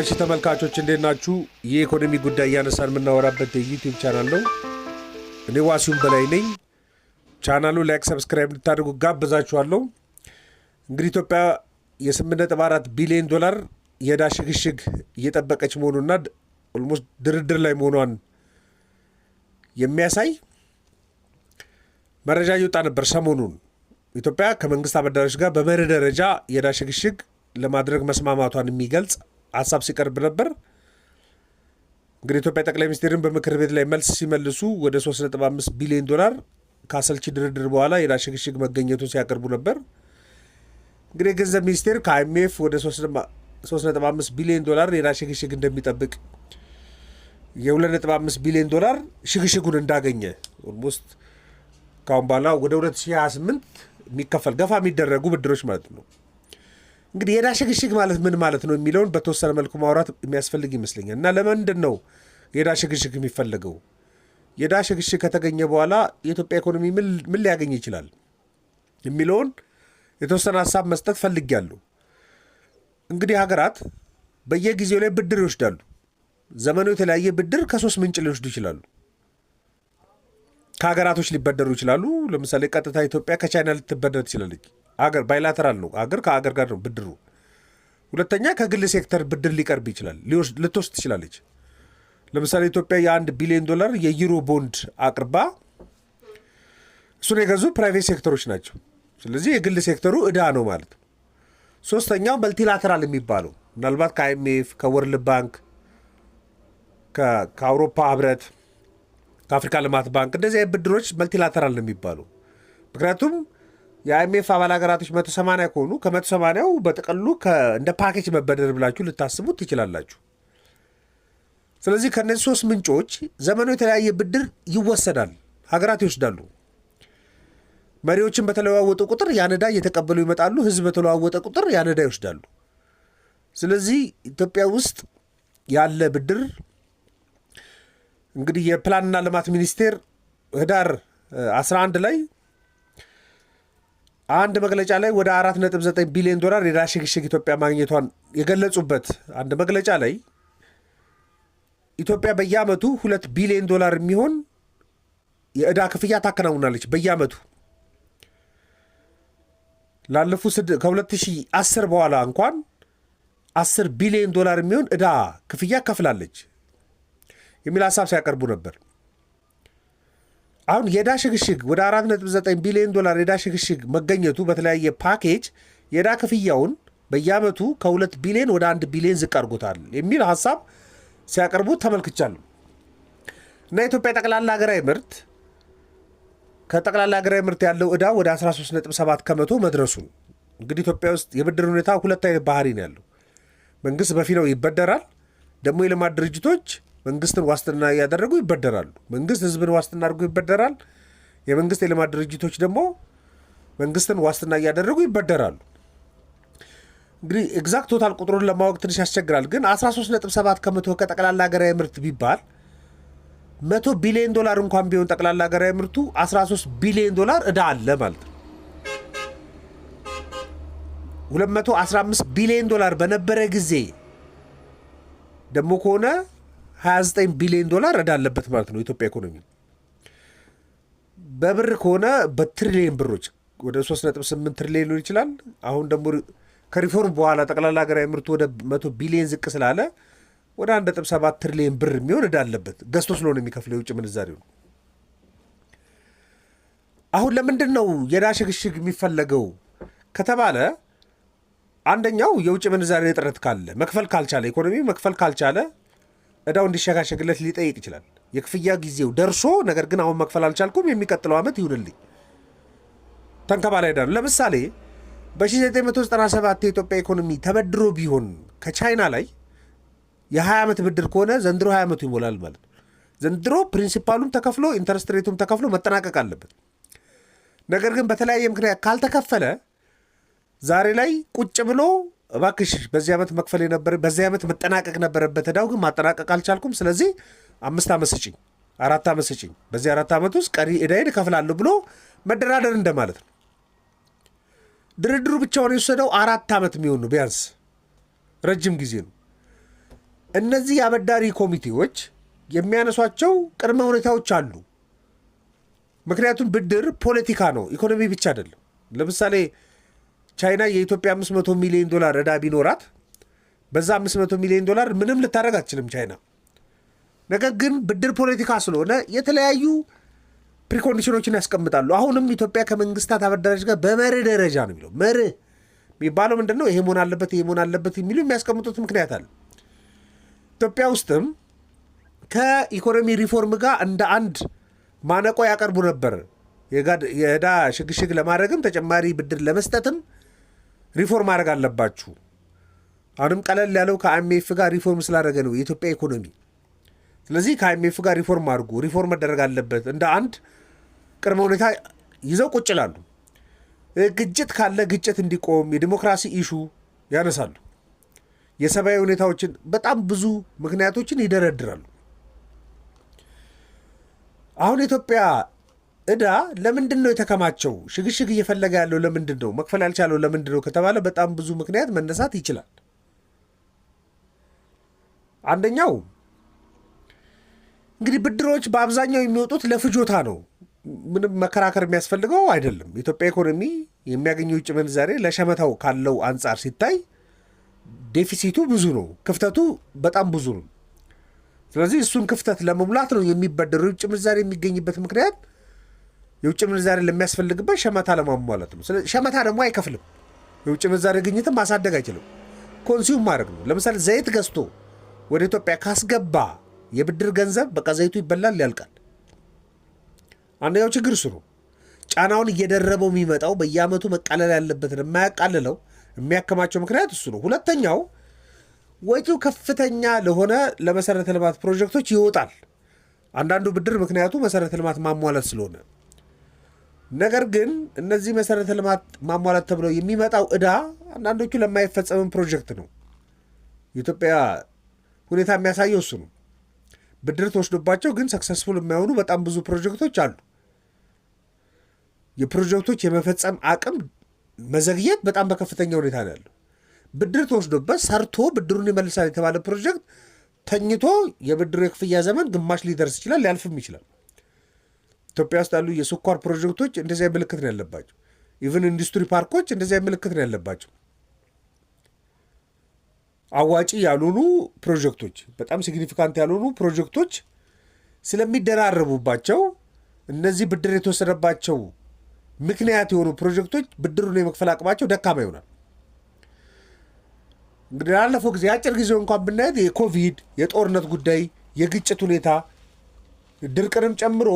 እሺ ተመልካቾች እንዴት ናችሁ? የኢኮኖሚ ጉዳይ እያነሳን የምናወራበት የዩቲዩብ ቻናል ነው። እኔ ዋሲሁን በላይ ነኝ። ቻናሉ ላይክ፣ ሰብስክራይብ እንድታደርጉ ጋብዛችኋለሁ። እንግዲህ ኢትዮጵያ የ8.4 ቢሊዮን ዶላር የዕዳ ሽግሽግ እየጠበቀች መሆኑና ኦልሞስት ድርድር ላይ መሆኗን የሚያሳይ መረጃ እየወጣ ነበር ሰሞኑን ኢትዮጵያ ከመንግስት አበዳሪዎች ጋር በመርህ ደረጃ የዳሸግሽግ ለማድረግ መስማማቷን የሚገልጽ ሀሳብ ሲቀርብ ነበር። እንግዲህ ኢትዮጵያ ጠቅላይ ሚኒስትርን በምክር ቤት ላይ መልስ ሲመልሱ ወደ 3.5 ቢሊዮን ዶላር ከአሰልቺ ድርድር በኋላ የዳሸግሽግ መገኘቱ መገኘቱን ሲያቀርቡ ነበር። እንግዲህ የገንዘብ ሚኒስቴር ከአይኤምኤፍ ወደ 3.5 ቢሊዮን ዶላር የዳሸግሽግ እንደሚጠብቅ የ2.5 ቢሊዮን ዶላር ሽግሽጉን እንዳገኘ ኦልሞስት ካሁን በኋላ ወደ 2028 የሚከፈል ገፋ የሚደረጉ ብድሮች ማለት ነው። እንግዲህ የዕዳ ሽግሽግ ማለት ምን ማለት ነው የሚለውን በተወሰነ መልኩ ማውራት የሚያስፈልግ ይመስለኛል። እና ለምንድን ነው የዕዳ ሽግሽግ የሚፈለገው? የዕዳ ሽግሽግ ከተገኘ በኋላ የኢትዮጵያ ኢኮኖሚ ምን ሊያገኝ ይችላል የሚለውን የተወሰነ ሀሳብ መስጠት ፈልጌያለሁ። እንግዲህ ሀገራት በየጊዜው ላይ ብድር ይወስዳሉ። ዘመኑ የተለያየ ብድር ከሶስት ምንጭ ሊወስዱ ይችላሉ። ከሀገራቶች ሊበደሩ ይችላሉ። ለምሳሌ ቀጥታ ኢትዮጵያ ከቻይና ልትበደር ትችላለች። አገር ባይላተራል ነው፣ አገር ከአገር ጋር ነው ብድሩ። ሁለተኛ ከግል ሴክተር ብድር ሊቀርብ ይችላል፣ ልትወስድ ትችላለች። ለምሳሌ ኢትዮጵያ የአንድ ቢሊዮን ዶላር የዩሮ ቦንድ አቅርባ እሱን የገዙ ፕራይቬት ሴክተሮች ናቸው። ስለዚህ የግል ሴክተሩ እዳ ነው ማለት ነው። ሶስተኛው መልቲላተራል የሚባለው ምናልባት ከአይኤምኤፍ ከወርልድ ባንክ ከአውሮፓ ህብረት ከአፍሪካ ልማት ባንክ እንደዚህ አይነት ብድሮች መልቲላተራል ነው የሚባሉ። ምክንያቱም የአይኤምኤፍ አባል ሀገራቶች 180 ከሆኑ ከመቶ 180 በጥቅሉ እንደ ፓኬጅ መበደር ብላችሁ ልታስቡት ትችላላችሁ። ስለዚህ ከእነዚህ ሶስት ምንጮች ዘመኑ የተለያየ ብድር ይወሰዳል፣ ሀገራት ይወስዳሉ። መሪዎችን በተለዋወጠ ቁጥር ያነዳ እየተቀበሉ ይመጣሉ። ህዝብ በተለዋወጠ ቁጥር ያነዳ ይወስዳሉ። ስለዚህ ኢትዮጵያ ውስጥ ያለ ብድር እንግዲህ የፕላንና ልማት ሚኒስቴር ህዳር 11 ላይ አንድ መግለጫ ላይ ወደ 4.9 ቢሊዮን ዶላር የዕዳ ሽግሽግ ኢትዮጵያ ማግኘቷን የገለጹበት አንድ መግለጫ ላይ ኢትዮጵያ በየአመቱ ሁለት ቢሊዮን ዶላር የሚሆን የእዳ ክፍያ ታከናውናለች። በየአመቱ ላለፉ ከ2010 በኋላ እንኳን 10 ቢሊዮን ዶላር የሚሆን እዳ ክፍያ ከፍላለች። የሚል ሀሳብ ሲያቀርቡ ነበር። አሁን የዕዳ ሽግሽግ ወደ 4.9 ቢሊዮን ዶላር የዕዳ ሽግሽግ መገኘቱ በተለያየ ፓኬጅ የዕዳ ክፍያውን በየዓመቱ ከሁለት ቢሊዮን ወደ 1 ቢሊዮን ዝቅ አድርጎታል የሚል ሀሳብ ሲያቀርቡ ተመልክቻለሁ። እና የኢትዮጵያ ጠቅላላ ሀገራዊ ምርት ከጠቅላላ ሀገራዊ ምርት ያለው ዕዳ ወደ 13.7 ከመቶ መድረሱ እንግዲህ ኢትዮጵያ ውስጥ የብድር ሁኔታ ሁለት አይነት ባህሪ ነው ያለው። መንግስት በፊነው ይበደራል፣ ደግሞ የልማት ድርጅቶች መንግስትን ዋስትና እያደረጉ ይበደራሉ። መንግስት ህዝብን ዋስትና አድርጎ ይበደራል። የመንግስት የልማት ድርጅቶች ደግሞ መንግስትን ዋስትና እያደረጉ ይበደራሉ። እንግዲህ ኤግዛክት ቶታል ቁጥሩን ለማወቅ ትንሽ ያስቸግራል። ግን 13.7 ከመቶ ከጠቅላላ ሀገራዊ ምርት ቢባል መቶ ቢሊዮን ዶላር እንኳን ቢሆን ጠቅላላ ሀገራዊ ምርቱ 13 ቢሊዮን ዶላር እዳ አለ ማለት ነው። 215 ቢሊዮን ዶላር በነበረ ጊዜ ደግሞ ከሆነ 29 ቢሊዮን ዶላር እዳ አለበት ማለት ነው የኢትዮጵያ ኢኮኖሚ። በብር ከሆነ በትሪሊየን ብሮች ወደ 3.8 ትሪሊየን ሊሆን ይችላል። አሁን ደግሞ ከሪፎርም በኋላ ጠቅላላ ሀገራዊ ምርቱ ወደ መቶ ቢሊዮን ዝቅ ስላለ ወደ 1.7 ትሪሊየን ብር የሚሆን እዳ አለበት ገዝቶ ስለሆነ የሚከፍለው የውጭ ምንዛሬ ነው። አሁን ለምንድን ነው የዕዳ ሽግሽግ የሚፈለገው ከተባለ አንደኛው የውጭ ምንዛሬ እጥረት ካለ መክፈል ካልቻለ ኢኮኖሚ መክፈል ካልቻለ እዳው እንዲሸጋሸግለት ሊጠይቅ ይችላል። የክፍያ ጊዜው ደርሶ ነገር ግን አሁን መክፈል አልቻልኩም የሚቀጥለው ዓመት ይሁንልኝ ላይ ዳሉ። ለምሳሌ በ1997 የኢትዮጵያ ኢኮኖሚ ተበድሮ ቢሆን ከቻይና ላይ የ20 ዓመት ብድር ከሆነ ዘንድሮ 20 ዓመቱ ይሞላል ማለት ነው። ዘንድሮ ፕሪንሲፓሉም ተከፍሎ ኢንተረስት ሬቱም ተከፍሎ መጠናቀቅ አለበት። ነገር ግን በተለያየ ምክንያት ካልተከፈለ ዛሬ ላይ ቁጭ ብሎ እባክሽ በዚህ ዓመት መክፈል የነበረ በዚህ ዓመት መጠናቀቅ ነበረበት እዳው ግን ማጠናቀቅ አልቻልኩም። ስለዚህ አምስት ዓመት ስጭኝ፣ አራት ዓመት ስጭኝ፣ በዚህ አራት ዓመት ውስጥ ቀሪ እዳይን እከፍላለሁ ብሎ መደራደር እንደማለት ነው። ድርድሩ ብቻውን የወሰደው አራት ዓመት የሚሆን ነው፣ ቢያንስ ረጅም ጊዜ ነው። እነዚህ የአበዳሪ ኮሚቴዎች የሚያነሷቸው ቅድመ ሁኔታዎች አሉ። ምክንያቱም ብድር ፖለቲካ ነው፣ ኢኮኖሚ ብቻ አይደለም። ለምሳሌ ቻይና የኢትዮጵያ 500 ሚሊዮን ዶላር እዳ ቢኖራት በዛ 500 ሚሊዮን ዶላር ምንም ልታደረግ አትችልም ቻይና። ነገር ግን ብድር ፖለቲካ ስለሆነ የተለያዩ ፕሪኮንዲሽኖችን ያስቀምጣሉ። አሁንም ኢትዮጵያ ከመንግስታት አበዳሪዎች ጋር በመርህ ደረጃ ነው የሚለው። መርህ የሚባለው ምንድን ነው? ይሄ መሆን አለበት፣ ይሄ መሆን አለበት የሚሉ የሚያስቀምጡት ምክንያት አለ። ኢትዮጵያ ውስጥም ከኢኮኖሚ ሪፎርም ጋር እንደ አንድ ማነቆ ያቀርቡ ነበር። የዕዳ ሽግሽግ ለማድረግም ተጨማሪ ብድር ለመስጠትም ሪፎርም ማድረግ አለባችሁ። አሁንም ቀለል ያለው ከአይኤምኤፍ ጋር ሪፎርም ስላደረገ ነው የኢትዮጵያ ኢኮኖሚ። ስለዚህ ከአይኤምኤፍ ጋር ሪፎርም አድርጉ፣ ሪፎርም መደረግ አለበት። እንደ አንድ ቅድመ ሁኔታ ይዘው ቁጭ ይላሉ። ግጭት ካለ ግጭት እንዲቆም የዲሞክራሲ ኢሹ ያነሳሉ። የሰብአዊ ሁኔታዎችን በጣም ብዙ ምክንያቶችን ይደረድራሉ። አሁን ኢትዮጵያ እዳ ለምንድን ነው የተከማቸው? ሽግሽግ እየፈለገ ያለው ለምንድን ነው? መክፈል ያልቻለው ለምንድን ነው ከተባለ በጣም ብዙ ምክንያት መነሳት ይችላል። አንደኛው እንግዲህ ብድሮች በአብዛኛው የሚወጡት ለፍጆታ ነው። ምንም መከራከር የሚያስፈልገው አይደለም። የኢትዮጵያ ኢኮኖሚ የሚያገኘው ውጭ ምንዛሬ ለሸመታው ካለው አንጻር ሲታይ ዴፊሲቱ ብዙ ነው፣ ክፍተቱ በጣም ብዙ ነው። ስለዚህ እሱን ክፍተት ለመሙላት ነው የሚበደሩ የውጭ ምንዛሬ የሚገኝበት ምክንያት የውጭ ምንዛሬ ለሚያስፈልግበት ሸመታ ለማሟላት ነው። ሸመታ ደግሞ አይከፍልም። የውጭ ምንዛሬ ግኝትን ማሳደግ አይችልም። ኮንሲውም ማድረግ ነው። ለምሳሌ ዘይት ገዝቶ ወደ ኢትዮጵያ ካስገባ የብድር ገንዘብ በቃ ዘይቱ ይበላል፣ ያልቃል። አንደኛው ችግር እሱ ነው። ጫናውን እየደረበው የሚመጣው በየአመቱ መቃለል ያለበትን የማያቃልለው የሚያከማቸው ምክንያት እሱ ነው። ሁለተኛው ወጪው ከፍተኛ ለሆነ ለመሰረተ ልማት ፕሮጀክቶች ይወጣል። አንዳንዱ ብድር ምክንያቱ መሰረተ ልማት ማሟላት ስለሆነ ነገር ግን እነዚህ መሰረተ ልማት ማሟላት ተብለው የሚመጣው እዳ አንዳንዶቹ ለማይፈጸምን ፕሮጀክት ነው። የኢትዮጵያ ሁኔታ የሚያሳየው እሱ ነው። ብድር ተወስዶባቸው ግን ሰክሰስፉል የማይሆኑ በጣም ብዙ ፕሮጀክቶች አሉ። የፕሮጀክቶች የመፈጸም አቅም መዘግየት በጣም በከፍተኛ ሁኔታ ነው ያለው። ብድር ተወስዶበት ሰርቶ ብድሩን ይመልሳል የተባለ ፕሮጀክት ተኝቶ የብድሩ የክፍያ ዘመን ግማሽ ሊደርስ ይችላል፣ ሊያልፍም ይችላል። ኢትዮጵያ ውስጥ ያሉ የስኳር ፕሮጀክቶች እንደዚያ ምልክት ነው ያለባቸው። ኢቨን ኢንዱስትሪ ፓርኮች እንደዚያ ምልክት ነው ያለባቸው። አዋጪ ያልሆኑ ፕሮጀክቶች፣ በጣም ሲግኒፊካንት ያልሆኑ ፕሮጀክቶች ስለሚደራረቡባቸው እነዚህ ብድር የተወሰደባቸው ምክንያት የሆኑ ፕሮጀክቶች ብድሩን የመክፈል አቅማቸው ደካማ ይሆናል። እንግዲህ ላለፈው ጊዜ አጭር ጊዜው እንኳን ብናየት የኮቪድ የጦርነት ጉዳይ፣ የግጭት ሁኔታ ድርቅንም ጨምሮ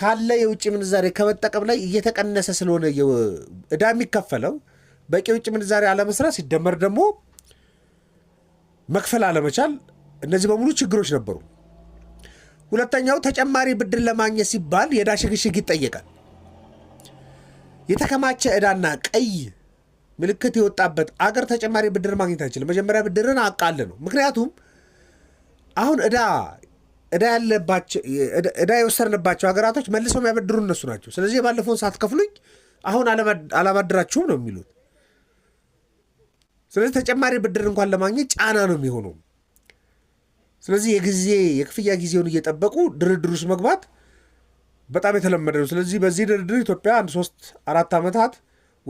ካለ የውጭ ምንዛሬ ከመጠቀም ላይ እየተቀነሰ ስለሆነ እዳ የሚከፈለው በቂ የውጭ ምንዛሬ አለመስራት ሲደመር ደግሞ መክፈል አለመቻል፣ እነዚህ በሙሉ ችግሮች ነበሩ። ሁለተኛው ተጨማሪ ብድር ለማግኘት ሲባል የእዳ ሽግሽግ ይጠየቃል። የተከማቸ እዳና ቀይ ምልክት የወጣበት አገር ተጨማሪ ብድር ማግኘት አይችልም። መጀመሪያ ብድርን አቃል ነው። ምክንያቱም አሁን እዳ እዳ ያለባቸው እዳ የወሰድንባቸው ሀገራቶች መልሰው የሚያበድሩ እነሱ ናቸው። ስለዚህ የባለፈውን ሳትከፍሉኝ አሁን አላባድራችሁም ነው የሚሉት። ስለዚህ ተጨማሪ ብድር እንኳን ለማግኘት ጫና ነው የሚሆነው። ስለዚህ የጊዜ የክፍያ ጊዜውን እየጠበቁ ድርድር ውስጥ መግባት በጣም የተለመደ ነው። ስለዚህ በዚህ ድርድር ኢትዮጵያ አንድ ሶስት አራት ዓመታት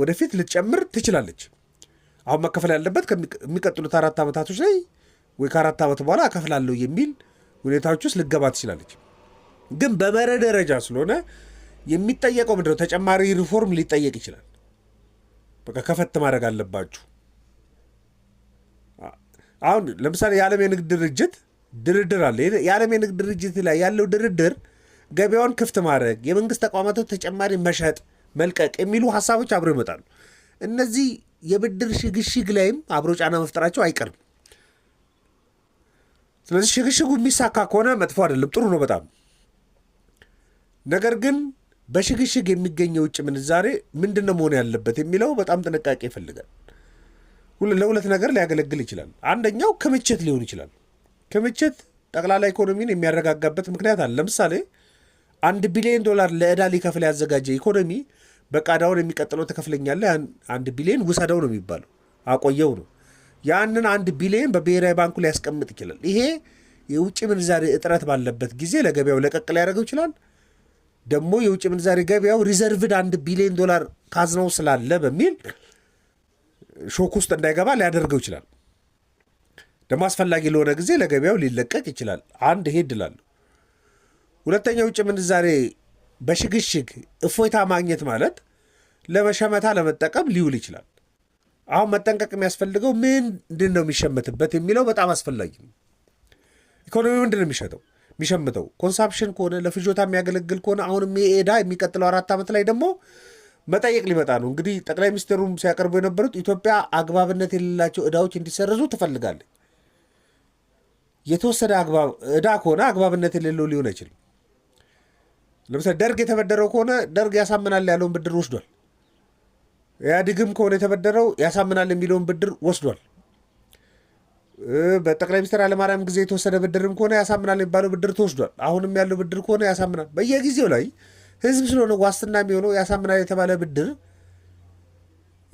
ወደፊት ልትጨምር ትችላለች። አሁን መከፈል ያለበት ከሚቀጥሉት አራት ዓመታቶች ላይ ወይ ከአራት ዓመት በኋላ እከፍላለሁ የሚል ሁኔታዎች ውስጥ ልገባ ትችላለች። ግን በመረ ደረጃ ስለሆነ የሚጠየቀው ምንድነው? ተጨማሪ ሪፎርም ሊጠየቅ ይችላል። በቃ ከፈት ማድረግ አለባችሁ። አሁን ለምሳሌ የዓለም የንግድ ድርጅት ድርድር አለ። የዓለም የንግድ ድርጅት ላይ ያለው ድርድር ገበያውን ክፍት ማድረግ፣ የመንግስት ተቋማቶች ተጨማሪ መሸጥ፣ መልቀቅ የሚሉ ሀሳቦች አብረው ይመጣሉ። እነዚህ የብድር ሽግሽግ ላይም አብሮ ጫና መፍጠራቸው አይቀርም። ስለዚህ ሽግሽጉ የሚሳካ ከሆነ መጥፎ አይደለም፣ ጥሩ ነው በጣም ነገር ግን በሽግሽግ የሚገኘው ውጭ ምንዛሬ ምንድን ነው መሆን ያለበት የሚለው በጣም ጥንቃቄ ይፈልጋል። ለሁለት ነገር ሊያገለግል ይችላል። አንደኛው ክምችት ሊሆን ይችላል። ክምችት ጠቅላላ ኢኮኖሚን የሚያረጋጋበት ምክንያት አለ። ለምሳሌ አንድ ቢሊዮን ዶላር ለዕዳ ሊከፍል ያዘጋጀ ኢኮኖሚ በቃዳውን የሚቀጥለው ትከፍለኛለህ አንድ ቢሊዮን ውሰደው ነው የሚባለው፣ አቆየው ነው ያንን አንድ ቢሊየን በብሔራዊ ባንኩ ሊያስቀምጥ ይችላል። ይሄ የውጭ ምንዛሬ እጥረት ባለበት ጊዜ ለገበያው ለቀቅ ሊያደርገው ይችላል። ደግሞ የውጭ ምንዛሬ ገበያው ሪዘርቭድ አንድ ቢሊዮን ዶላር ካዝነው ስላለ በሚል ሾክ ውስጥ እንዳይገባ ሊያደርገው ይችላል። ደግሞ አስፈላጊ ለሆነ ጊዜ ለገበያው ሊለቀቅ ይችላል። አንድ ይሄ እድላለሁ። ሁለተኛ የውጭ ምንዛሬ በሽግሽግ እፎይታ ማግኘት ማለት ለመሸመታ ለመጠቀም ሊውል ይችላል። አሁን መጠንቀቅ የሚያስፈልገው ምንድን ነው የሚሸምትበት የሚለው በጣም አስፈላጊ ነው። ኢኮኖሚ ምንድን ነው የሚሸጠው የሚሸምተው ኮንሳፕሽን ከሆነ ለፍጆታ የሚያገለግል ከሆነ አሁንም የዕዳ የሚቀጥለው አራት ዓመት ላይ ደግሞ መጠየቅ ሊመጣ ነው። እንግዲህ ጠቅላይ ሚኒስትሩም ሲያቀርቡ የነበሩት ኢትዮጵያ አግባብነት የሌላቸው እዳዎች እንዲሰረዙ ትፈልጋለች። የተወሰደ እዳ ከሆነ አግባብነት የሌለው ሊሆን አይችልም። ለምሳሌ ደርግ የተበደረው ከሆነ ደርግ ያሳምናል ያለውን ብድር ወስዷል። ኢህአዴግም ከሆነ የተበደረው ያሳምናል የሚለውን ብድር ወስዷል። በጠቅላይ ሚኒስትር ኃይለማርያም ጊዜ የተወሰደ ብድርም ከሆነ ያሳምናል የሚባለው ብድር ተወስዷል። አሁንም ያለው ብድር ከሆነ ያሳምናል። በየጊዜው ላይ ህዝብ ስለሆነ ዋስትና የሚሆነው ያሳምናል የተባለ ብድር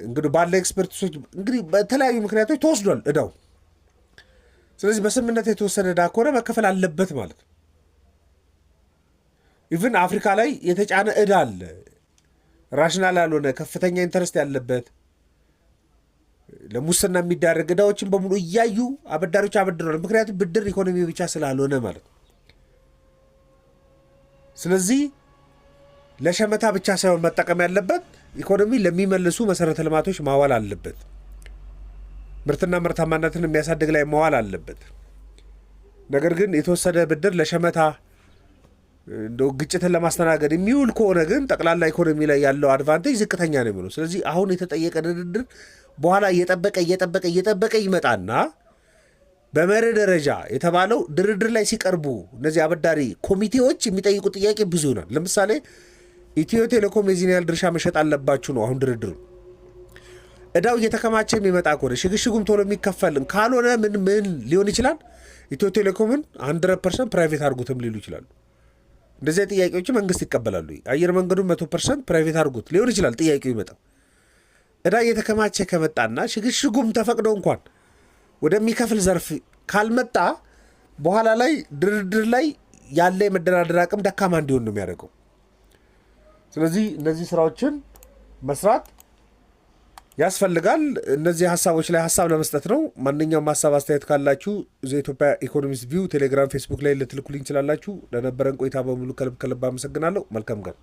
እንግዲህ ባለ ኤክስፐርቲሶች እንግዲህ በተለያዩ ምክንያቶች ተወስዷል እዳው። ስለዚህ በስምምነት የተወሰደ እዳ ከሆነ መከፈል አለበት ማለት ነው። ኢቭን አፍሪካ ላይ የተጫነ እዳ አለ። ራሽናል ያልሆነ ከፍተኛ ኢንተረስት ያለበት ለሙስና የሚዳረግ እዳዎችን በሙሉ እያዩ አበዳሪዎች አበድረዋል። ምክንያቱም ብድር ኢኮኖሚ ብቻ ስላልሆነ ማለት ነው። ስለዚህ ለሸመታ ብቻ ሳይሆን መጠቀም ያለበት ኢኮኖሚ ለሚመልሱ መሰረተ ልማቶች ማዋል አለበት። ምርትና ምርታማነትን የሚያሳድግ ላይ ማዋል አለበት። ነገር ግን የተወሰደ ብድር ለሸመታ እንደው ግጭትን ለማስተናገድ የሚውል ከሆነ ግን ጠቅላላ ኢኮኖሚ ላይ ያለው አድቫንቴጅ ዝቅተኛ ነው የሚሆነው። ስለዚህ አሁን የተጠየቀ ድርድር በኋላ እየጠበቀ እየጠበቀ እየጠበቀ ይመጣና በመርህ ደረጃ የተባለው ድርድር ላይ ሲቀርቡ እነዚህ አበዳሪ ኮሚቴዎች የሚጠይቁ ጥያቄ ብዙ ይሆናል። ለምሳሌ ኢትዮ ቴሌኮም የዚህን ያህል ድርሻ መሸጥ አለባችሁ ነው አሁን ድርድሩ። እዳው እየተከማቸ የሚመጣ ከሆነ ሽግሽጉም ቶሎ የሚከፈልን ካልሆነ ምን ምን ሊሆን ይችላል? ኢትዮ ቴሌኮምን 100 ፐርሰንት ፕራይቬት አድርጉትም ሊሉ ይችላሉ። እንደዚህ ጥያቄዎች መንግስት ይቀበላሉ። አየር መንገዱ መቶ ፐርሰንት ፕራይቬት አድርጎት ሊሆን ይችላል ጥያቄው ይመጣው እዳ እየተከማቸ ከመጣና ሽግሽጉም ተፈቅዶ እንኳን ወደሚከፍል ዘርፍ ካልመጣ በኋላ ላይ ድርድር ላይ ያለ የመደራደር አቅም ደካማ እንዲሆን ነው የሚያደርገው። ስለዚህ እነዚህ ስራዎችን መስራት ያስፈልጋል። እነዚህ ሀሳቦች ላይ ሀሳብ ለመስጠት ነው። ማንኛውም ሀሳብ አስተያየት ካላችሁ ዘኢትዮጵያ ኢኮኖሚስት ቪው ቴሌግራም፣ ፌስቡክ ላይ ልትልኩልኝ ትችላላችሁ። ለነበረን ቆይታ በሙሉ ከልብ ከልብ አመሰግናለሁ። መልካም ቀን